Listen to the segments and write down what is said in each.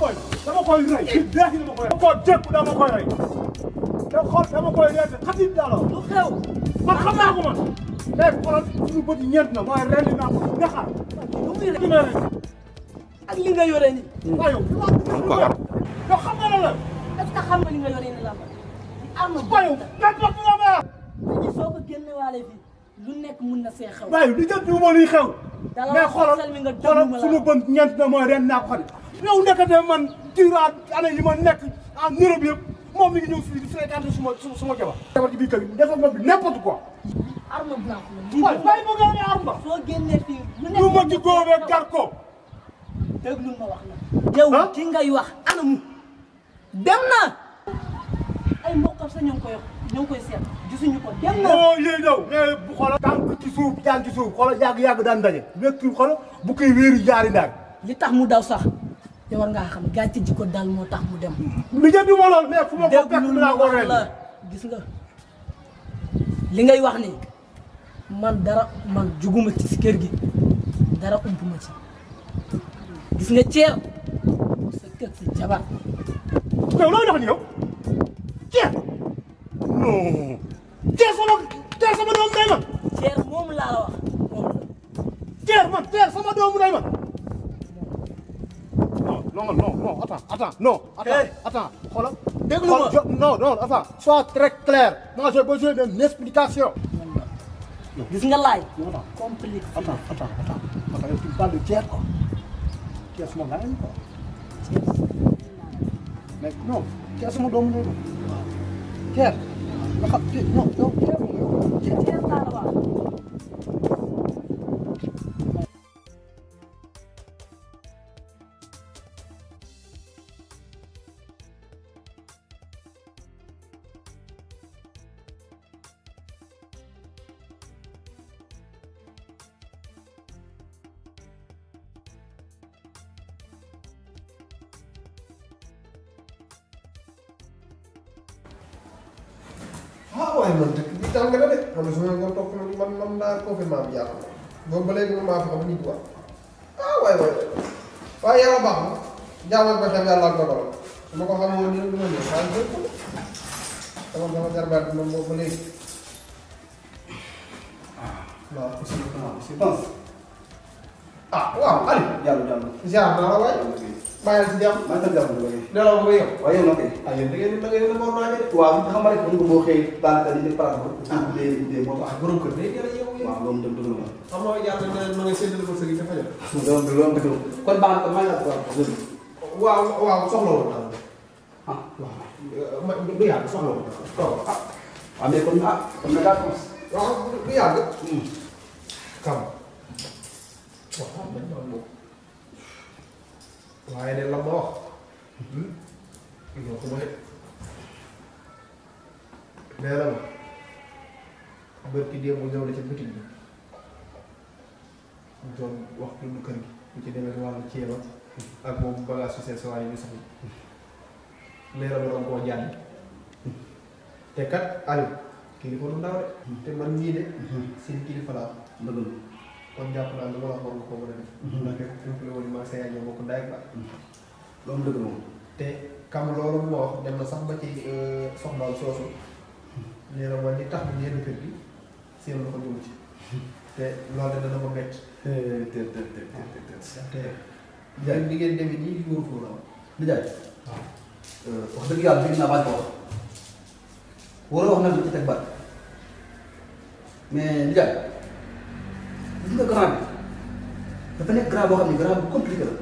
boy dama koy rey billahi dama koy rey ko jekku dama koy rey da xool dama koy rey xatit dala lu xew man xam naa ko man tey xoolal suñu bët ñeent na waaye rendi naa ko nga xaar lu muy rey dina rey ak li nga yore ni waaye yow yow xam nga la la est-ce que xam nga li nga yore ni la ma arme bayu dag wax nga ma ñi soo ko génne waale fii lu nekk mun na see xew. waaye lu jëm ci ma luy xew. mais xoolal xoolal suñu bën na mooy ren naa ko xam yow man yi ma nekk en Europe yëpp moom mi ngi ñëw fii di fréquenté suma jabar. jabar ci biir kër gi ma bi n'importe quoi. arme blanche la. waaw bàyyi ma nga ne arme ba. ci gar ko. déglu ma wax ah? ngay wax anamu. dem na. ay mbokkam sa ñoo ngi Jangan koy seet gisuñu ko dem na moo yee ñëw mais bu xoolal tànk ci suuf jaan ci suuf xoolal yàgg-yàgg daan daje nekk xoolal bu koy wéeri jaari naag li tax mu daw sax te war ngaa xam gàcce ji ko dal moo tax mu dem lu jëbi ma lool mais fu ma ko dara man juguma ci si kër gi dara umpuma ci gis nga ceer non teer sama teer sama doomu day ma. teer moom laa la wax moom não não não não sama doomu não ma. non non non attends não não attends attends xoolal. déglu ma non non attends. sois très clair. moi j'ai besoin d'une explication. gis nga laay. compliqué. attends attends attends parce que tu parles de tiers quoi. não moom laa quoi. mais non tiers sama doomu day ma. tiers. 这跑，别了吧？Ahmed dëkk bi tàng na de xam nga su ma nga toog man man naa confinement bi yàlla boobu ba léegi moom maa fi ah woi woi, waaye yàlla baax na jaamal ba xam yàlla ak dogalam su ma ko xamoon ni ma ñëw xaalis rek sama sama jarbaat bi moom boobu ba léegi waaw aussi ah waaw Aliou jàll jàll ziar naa la bayal ci jàmm man tam jàmm dama ne dalaw ko yow waaye yow nag ay yéen da ngeen da ngeen mo naaje waaw nga xam rek bu ko xey tan ta di par rapport ak de de mo wax borom ko day dara yow waaw loolu dem dëgg la xam nga jaar na ma ngay séddal ko sëgi dafa ah waaw ma du yàgg soxla woon waaw ah waaw mais kon ah kon nga ko waaye de la ma wax loo ko waxee nee na ma bërki démb ñëw na ci boutique bi doon wax lu kër gi mu ci demee wàllu ceeba ak boobu bagage su seen sawaay yi ñu soxla ma doon koo jànni te kat Aliou kilifa du de te man ñii de hmm. seen kilifa laa dëgg kon jàpp naa lu ma wax nga ko mën a def ndax rek triplé woon ma sa mais gis nga grand bi dafa nekk grand boo xam ne grand bu compliqué la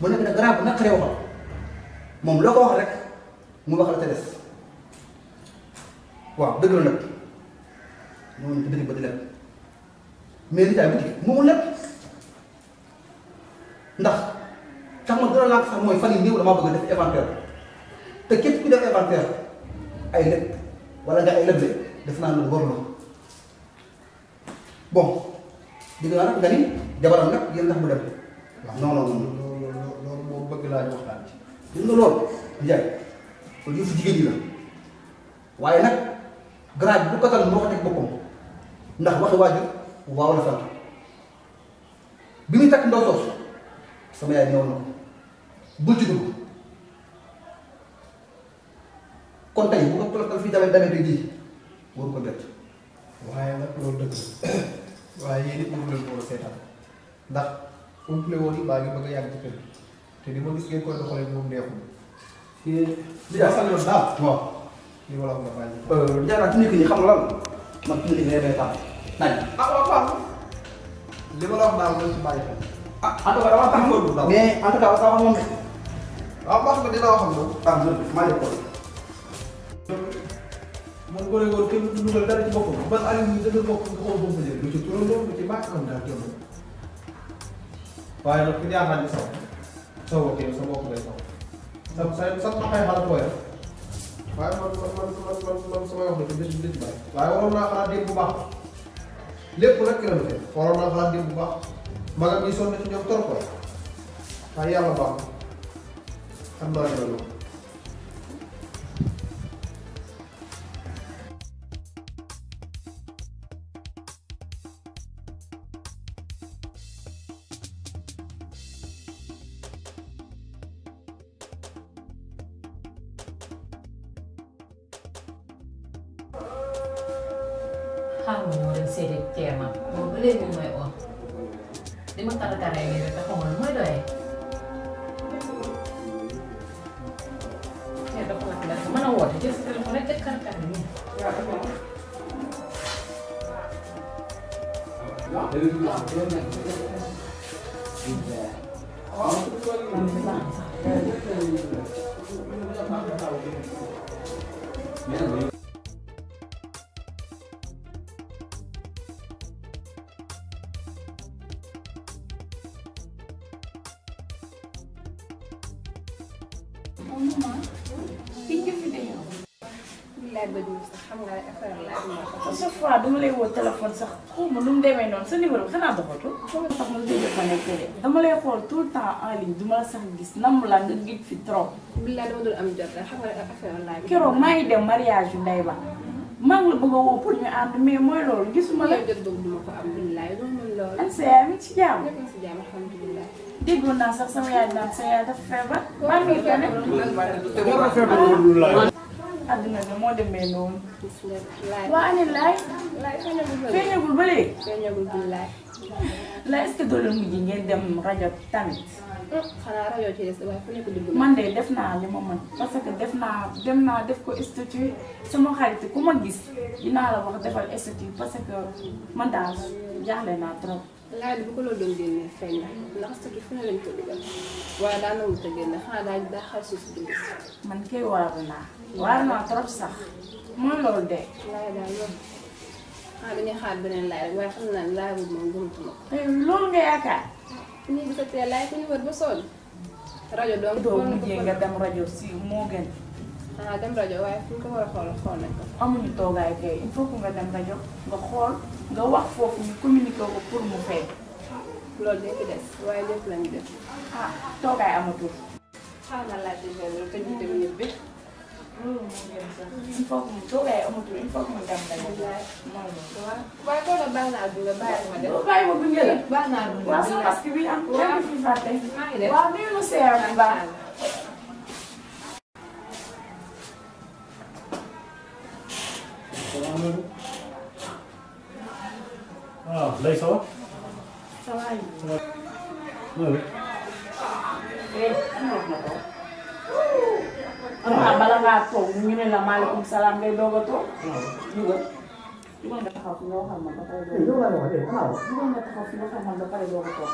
mu nekk nag grand bu naqaree waxal moom loo ko wax rek mu wax la te des waaw dëgg la ndax tax ma gën a laaj sax mooy fan yi néew damaa bëgg def inventaire te képp ku def inventaire ay lépp wala nga ay lépp def naa lu bon. di nga nag nga ni jabaram nag yéen ndax mu dem waaw non non non loolu moom bëgg laa ñu waxtaan ci gis nga loolu njaay ko yëfu jigéen ñi la waaye nag garage bu ko tal mu wax teg boppam ndax muy takk ndaw soosu sama yaay ñëw na ko bul ci dugg kon tey bu ko fii tamit damee day ji waru ko bett waaye nag loolu dëgg waaye ini it moom leen ko war ndax umple woon it baa ngi bëgg a yàgg ci kër te ni ma gis ngeen koy doxalee moom neexul. li nga xam daal waaw. li ma la wax nga bàyyi. jaaraat nit ñi xam nga lan man fi mu nekk nii tax nañ. ah waaw waaw. li ma la wax daal loolu ci bàyyi xel. ah en tout cas dama tax mais en tout cas waaw baax dina wax ak moom. ah bu ko nekkoon kenn du dugal dara ci boppam ban Aliou ñu dëgg bopp nga xool boobu léegi lu ci turandoo lu ci baax am daal jom waaye nag ku jaaxaan ni sa bopp ngay saw sa sa sa xaxay xalaat man man man man man samay wax na ci bés bi bés bàyyi waaye waroon naa xalaat démb bu baax lépp nag ki la defee waroon naa xalaat démb bu baax magam yi sonn ci ñoom torop waaye yàlla baax xam naa ne loolu hangouden CD-teema. Mun beli mai o. Di mun tala kare ni reka hongon mai doi. Ya da kuma kila sama na wata je sekali kore te kar kare ni. Ya da kuma. Yeah, sa fois dama lay woo téléphone sax xaw ma nu mu demee noonu sa numéro bi xanaa doxatul. loolu tax ma déconnecté de. dama lay xool tout le temps en ligne duma la sax gis nam la nga gis fi trop. billaay dama dul am jot rek xam nga affaire laaj. keroog maa ngi dem mariage yu ndey ba maa ngi la bëgg a woo pour ñu ànd mais mooy loolu gisuma la. jot boobu duma ko am billaay loolu loolu. an sa yaay mi ci jàmm. nekk na si jàmm alhamdulilah. déggoon naa sax sama yaay naan sama yaay dafa feebar. maa ngi ko ne. adduna bi moo demee noonu. waa Aliou Laye. feeñagul ba léegi. feeñagul bi mujj ngeen dem rajo tamit. Hmm, man de def naa li ma man parce que def naa dem naa def ko statut sama xarit ku ma gis dinaa la wax defal statut parce que man daal jaaxle naa trop. laaj bu ko loo doon génnee feeñ na ndax sëtu fu ne lañ ko dugal waaye daa nangu ko génne xanaa daal daa xal suuf si dund man kay waaru naa waaru naa trop sax man loolu de laay daal loolu xanaa dañuy xaar beneen laaj rek waaye xam naa laaj bu moom gëmatuma loolu nga yaakaar ñii bi sa tee laaj ku ñu wër ba sonn rajo doom doom mujjee nga dem rajo si moo gën ah dem rajo waaye fu ñu ko war a xool xool nañ ko. amuñu toogaay kay il faut que nga dem rajo nga xool nga wax foofu ñu communiqué ko pour mu fay. loolu dañ fi des waaye lépp lañu def. ah toogaay amatul. xaw na laajte loolu te ñu dem ñëpp bi. loolu moo gën sax il faut que mu toogaay amatul il faut que mu dem rajo. waaye koo la baal naa dund bàyyi ma dem. bàyyi ma gunge la baal naa dund. waaw parce que bi am. waaw maa ngi def waaw nuyu na seer bu baax. luôn ờ lấy số sao anh ừ Amma balanga to ngine la malikum salam ngay dogo to yugo yugo nga taxaw fi nga waxal man ba pare dogo yow la wax de waaw yugo nga taxaw fi nga waxal man ba pare dogo to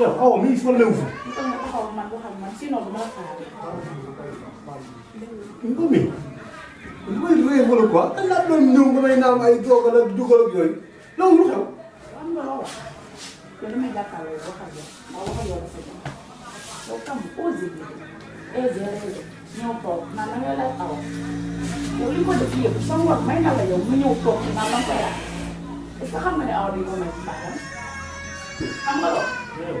yow aw mi fa lew fa yugo nga taxaw man waxal man sinon duma la xaar ngomi ngomi bëggee wala quoi dañ laa doon ñëw damay naan ay toog ak dugal ak yooyu loolu lu xew. am na lool yow damay jàkkaarloo yow wax không yow ndax wax ak yow dafa jëm yow tam osé bi osé rek ñëw toog naan na nga lay aw yow li ko def yëpp sama war may na la yow mu ñëw toog naan la ko yaa est-ce que xam nga ne aw di ko may ci baaxam xam nga lool. yow.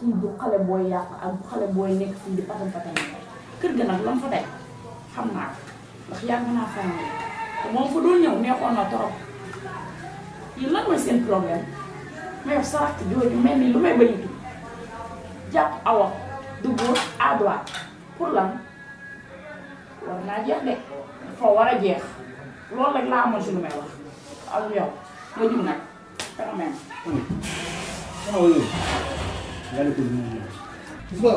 kii du xale booy yàq ak du xale booy nekk fii di patam patam kër ga nag lam xam naa ndax yàgg naa faa moom fa doon ñëw neexoon na torop yéen lan mooy seen problème mais yow sarak jooju mel ni lu may jàpp awa du góor à pour lan war naa jeex de dafa war a jeex loolu rek laa amoon si lu may wax ak yow nga jum nag phénomène. nga ne ko lu mu gis nga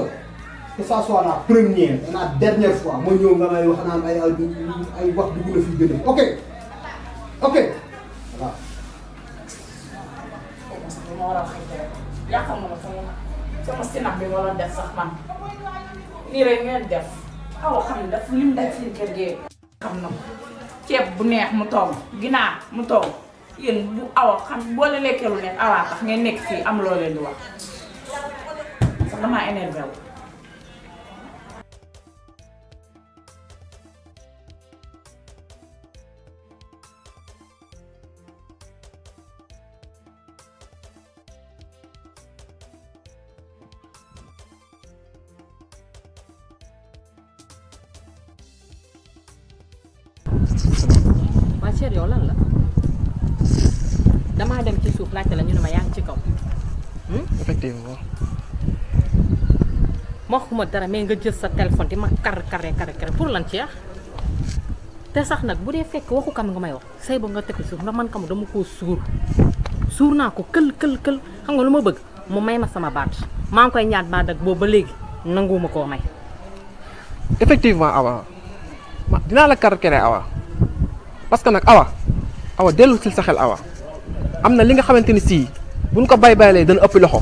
que ça soit la première et la dernière fois ma ñëw nga may wax naan ay ay wax dugg na fi gën a ok ok waaw. ma war a wax yàqal ma sama sama sinax bi ma doon def sax man nii rek ngeen def aw xam ne daf lim def fii kër gi xam na ko ceeb bu neex mu togg ginaar mu togg yéen bu awa xam boo la lekkee lu neex awaa tax ngeen nekk fii am loo leen di wax. ça m'a énervé wu. waa Cheikh yow lan la damaa dem ci suuf laajte la ñu ne ma yaa ngi ci kaw. effectivement. ma waxuma dara mais nga jël sa téléphone di ma kar kar kar pour lan ci ah te sax nag bu dee fekk waxu kam nga may wax say ba nga teg suuf ndax man kam dama koo suur suur naa ko kël kël kël xam nga lu ma bëgg mu may ma sama baat maa ngi koy ñaan baat ak boobu ba léegi nanguwuma koo may. effectivement awa ma dinaa la kar kere awa parce que nag awa awa dellu si sa xel awa am na li nga xamante ni sii buñ ko bay bayalee dana ëpp loxo.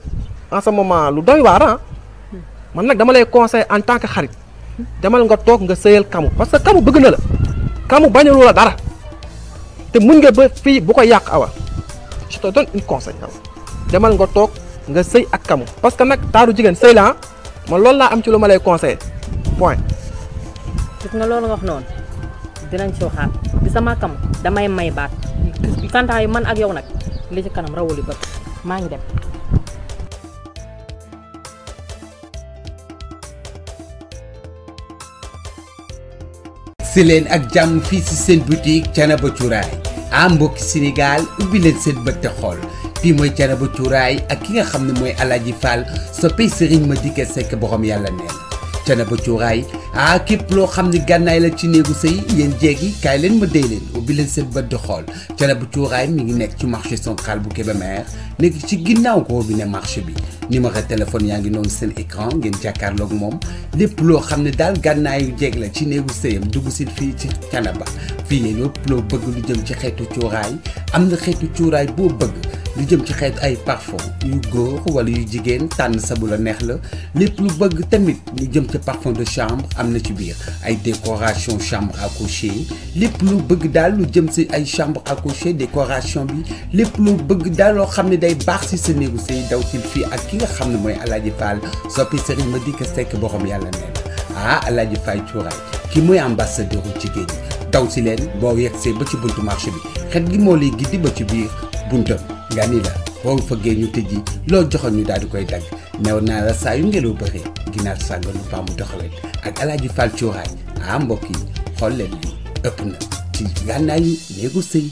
en ce moment lu doy han man nak dama lay conseil en tant e que xarit demal nga tok nga seyel kamu parce que kamu bëgg na la kamu lu la dara te mun nga ba fi bu ko yak awa je te donne une conseil awa demal nga tok nga sey ak kamu parce que nak taru jigen sey la man loolu la am ci e. lu ma lay conseil point gis nga loolu nga wax non dinañ ci waxat bi sama kam damay e may baat kanta yu man ak yow nak li ci kanam rawuli ba ma ngi dem si leen ak jàmm fii si seen boutique Thiénaba cuuraay ah mbokki Sénégal ubbi leen seen bët te xool fii mooy Thiénaba cuuraay ak ki nga xam ne mooy Alaaji Fall soppey Serigne Madické Seck borom yàlla neen Thiénaba cuuraay ah képp loo xam ne gànnaay la ci néegu sëy yéen jéegi kaay leen ma dey leen ubbi leen seen bët di xool bu cuuraay mi ngi nekk ci marché central bu Kébémer nekk ci ginnaaw robinet marché bi numéro téléphone yaa ngi noonu seen écran ngeen jàkkaarloog moom lépp loo xam ne daal gànnaayu jeeg la ci néegu sëyam dugg si fii ci canaba fii leen lépp loo bëgg lu jëm ci xeetu cuuraay am na xeetu cuuraay boo bëgg lu jëm ci xeetu ay parfum yu góor wala yu jigéen tànn sa bu la neex la lépp lu bëgg tamit lu jëm ci parfum de chambre am na ci biir ay décoration chambre à coucher lépp lu bëgg daal lu jëm si ay chambre à coucher décoration bi lépp lu bëgg daal loo xam ne day baax si sa néegu say daw ci fii ak ki nga xam ne mooy Alaaji Fall soppi sëriñ ma dikk sekk borom yàlla nee ah Alaaji Fall cuuraay ki mooy ambassadeur u jigéen ñi daw si leen boo yegsee ba ci buntu marché bi xet gi moo lay giddi ba ci biir buntam nga ni la boo fëggee ñu tëj yi loo joxoon ñu daal di koy dagg new naa la saa yu ngelaw bëree ginaar sànganu baamu doxaleen ak Alaaji Fall cuuraay ah mbokk yi xool leen ëpp na siyibukanayo negusei